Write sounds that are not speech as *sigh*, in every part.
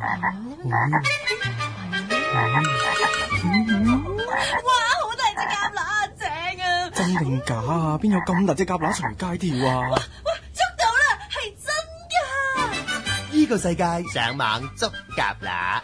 嗯、哇，好大隻蛤乸正啊！真定假啊？邊有咁大隻蛤乸隨街跳啊？哇，捉到啦，係真噶！呢個世界上網捉蛤乸。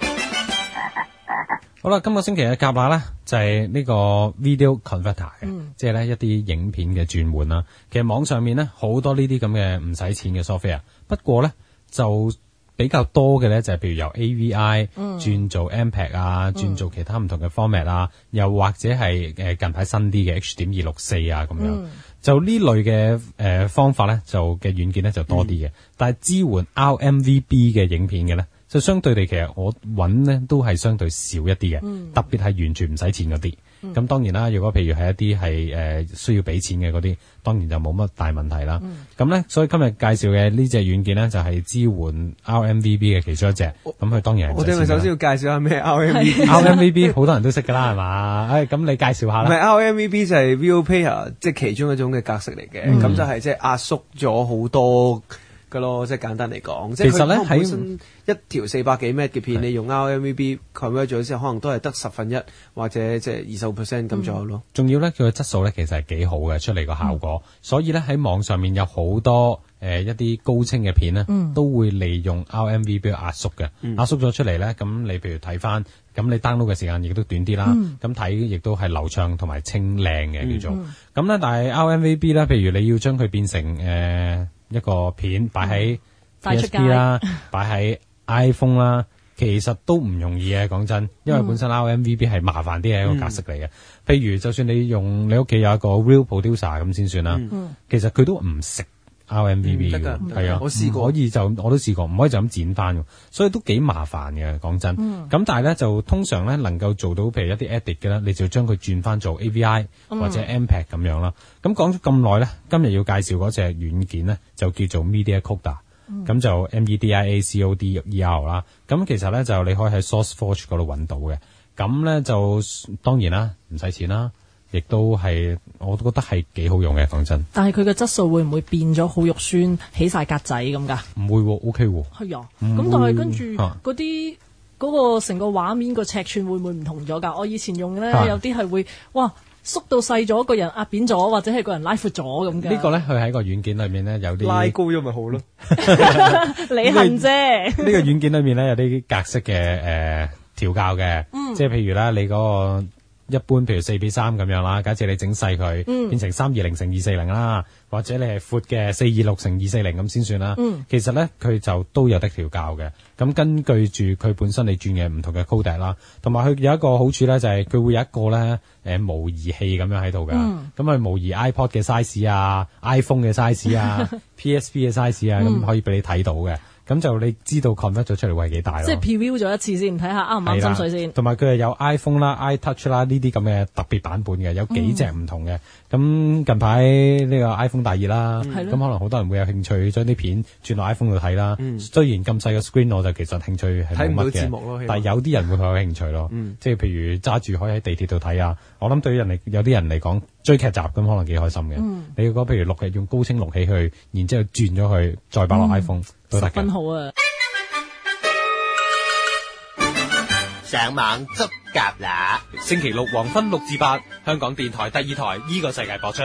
好啦，今個星期嘅蛤乸咧就係、是、呢個 Video Converter、嗯、即係呢一啲影片嘅轉換啦。其實網上面呢，好多呢啲咁嘅唔使錢嘅 software 啊，不過呢，就。比較多嘅咧就係譬如由 AVI、嗯、轉做 MP4 a 啊，嗯、轉做其他唔同嘅 format 啊，又或者係誒近排新啲嘅 H. 點二六四啊咁樣，嗯、就呢類嘅誒方法咧就嘅軟件咧就多啲嘅，嗯、但係支援 RMVB 嘅影片嘅咧就相對地其實我揾呢，都係相對少一啲嘅，嗯、特別係完全唔使錢嗰啲。咁、嗯、當然啦，如果譬如係一啲係誒需要俾錢嘅嗰啲，當然就冇乜大問題啦。咁咧、嗯，所以今日介紹嘅呢隻軟件咧，就係、是、支援 RMVB 嘅其中一隻。咁佢我當然我哋首先要介紹下咩 RMVB。 *laughs* RMVB 好多人都識㗎啦，係嘛？ *laughs* 誒、哎，咁你介紹下啦。唔係 RMVB 就係 View Player，即係其中一種嘅格式嚟嘅。咁、嗯、就係即係壓縮咗好多。咯，即係簡單嚟講，即係佢本身一條四百幾米嘅片，是的 你用 RMVB convert 咗之後，可能都係得十分一或者即係二十 percent 咁左右咯。仲要咧，佢嘅質素咧其實係幾好嘅，出嚟個效果。嗯、所以咧喺網上面有好多誒一啲高清嘅片咧，嗯、都會利用 RMVB 去壓縮嘅，壓縮咗出嚟咧。咁你譬如睇翻，咁你 download 嘅時間亦都短啲啦。咁睇亦都係流暢同埋清靚嘅、嗯、叫做。咁咧，但係 RMVB 咧，譬如你要將佢變成誒。呃一個片擺喺 PSP 啦，擺喺 iPhone 啦，其實都唔容易啊！講真，因為本身 R M V B 係麻煩啲嘅一個格式嚟嘅。譬如就算你用你屋企有一個 Real Producer 咁先算啦，嗯、其實佢都唔食。RMBB 嘅，係啊，嗯、的我試過可以就我都試過，唔可以就咁剪翻，所以都幾麻煩嘅，講真。咁、嗯、但係咧就通常咧能夠做到，譬如一啲 edit 嘅咧，你就將佢轉翻做 AVI、嗯、或者 MP4 a 咁樣啦。咁講咗咁耐咧，今日要介紹嗰隻軟件咧就叫做 m e d i a c o d a r 咁就 M E D I A C O D E R 啦。咁其實咧就你可以喺 SourceForge 嗰度揾到嘅。咁咧就當然啦，唔使錢啦。亦都係，我都覺得係幾好用嘅，講真。但係佢嘅質素會唔會變咗好肉酸，起晒格仔咁噶？唔會、啊、，OK 喎、啊。哎呀嗎，咁會但係跟住嗰啲嗰個成個畫面個尺寸會唔會唔同咗噶？我以前用咧，有啲係會、啊、哇縮到細咗，個人壓扁咗，或者係個人拉闊咗咁嘅。個呢個咧，佢喺個軟件裏面咧有啲拉高咗咪好咯？你恨啫。呢、這個軟、這個、件裏面咧有啲格式嘅誒調校嘅，呃教嗯、即係譬如啦，你嗰、那個。一般譬如四比三咁樣啦，假設你整細佢，變成三二零乘二四零啦，或者你係闊嘅四二六乘二四零咁先算啦。其實呢，佢就都有得調校嘅。咁根據住佢本身你轉嘅唔同嘅 code 啦，同埋佢有一個好處呢，就係佢會有一個咧誒模擬器咁樣喺度噶，咁佢模擬 iPod 嘅 size 啊，iPhone 嘅 size 啊，PSP 嘅 size 啊，咁可以俾你睇到嘅。咁就你知道 convert 咗出嚟會係幾大咯。即係 preview 咗一次一了先，睇下啱唔啱心水先。同埋佢係有，有 iPhone 啦、iTouch 啦呢啲咁嘅特別版本嘅，有幾隻唔同嘅。咁、嗯、近排呢個 iPhone 大熱啦，咁、嗯、可能好多人會有興趣將啲片轉落 iPhone 度睇啦。嗯、雖然咁細個 screen，我就其實興趣係睇唔到咯。但係有啲人會好有興趣咯，嗯、即係譬如揸住可以喺地鐵度睇啊。我諗對於人嚟有啲人嚟講。追劇集咁可能幾開心嘅，你嗰，譬如六日用高清錄起去，然之後轉咗去再擺落 iPhone 都得嘅。十分好啊！上網捉蛤啦！星期六黃昏六至八，香港電台第二台《呢個世界》播出。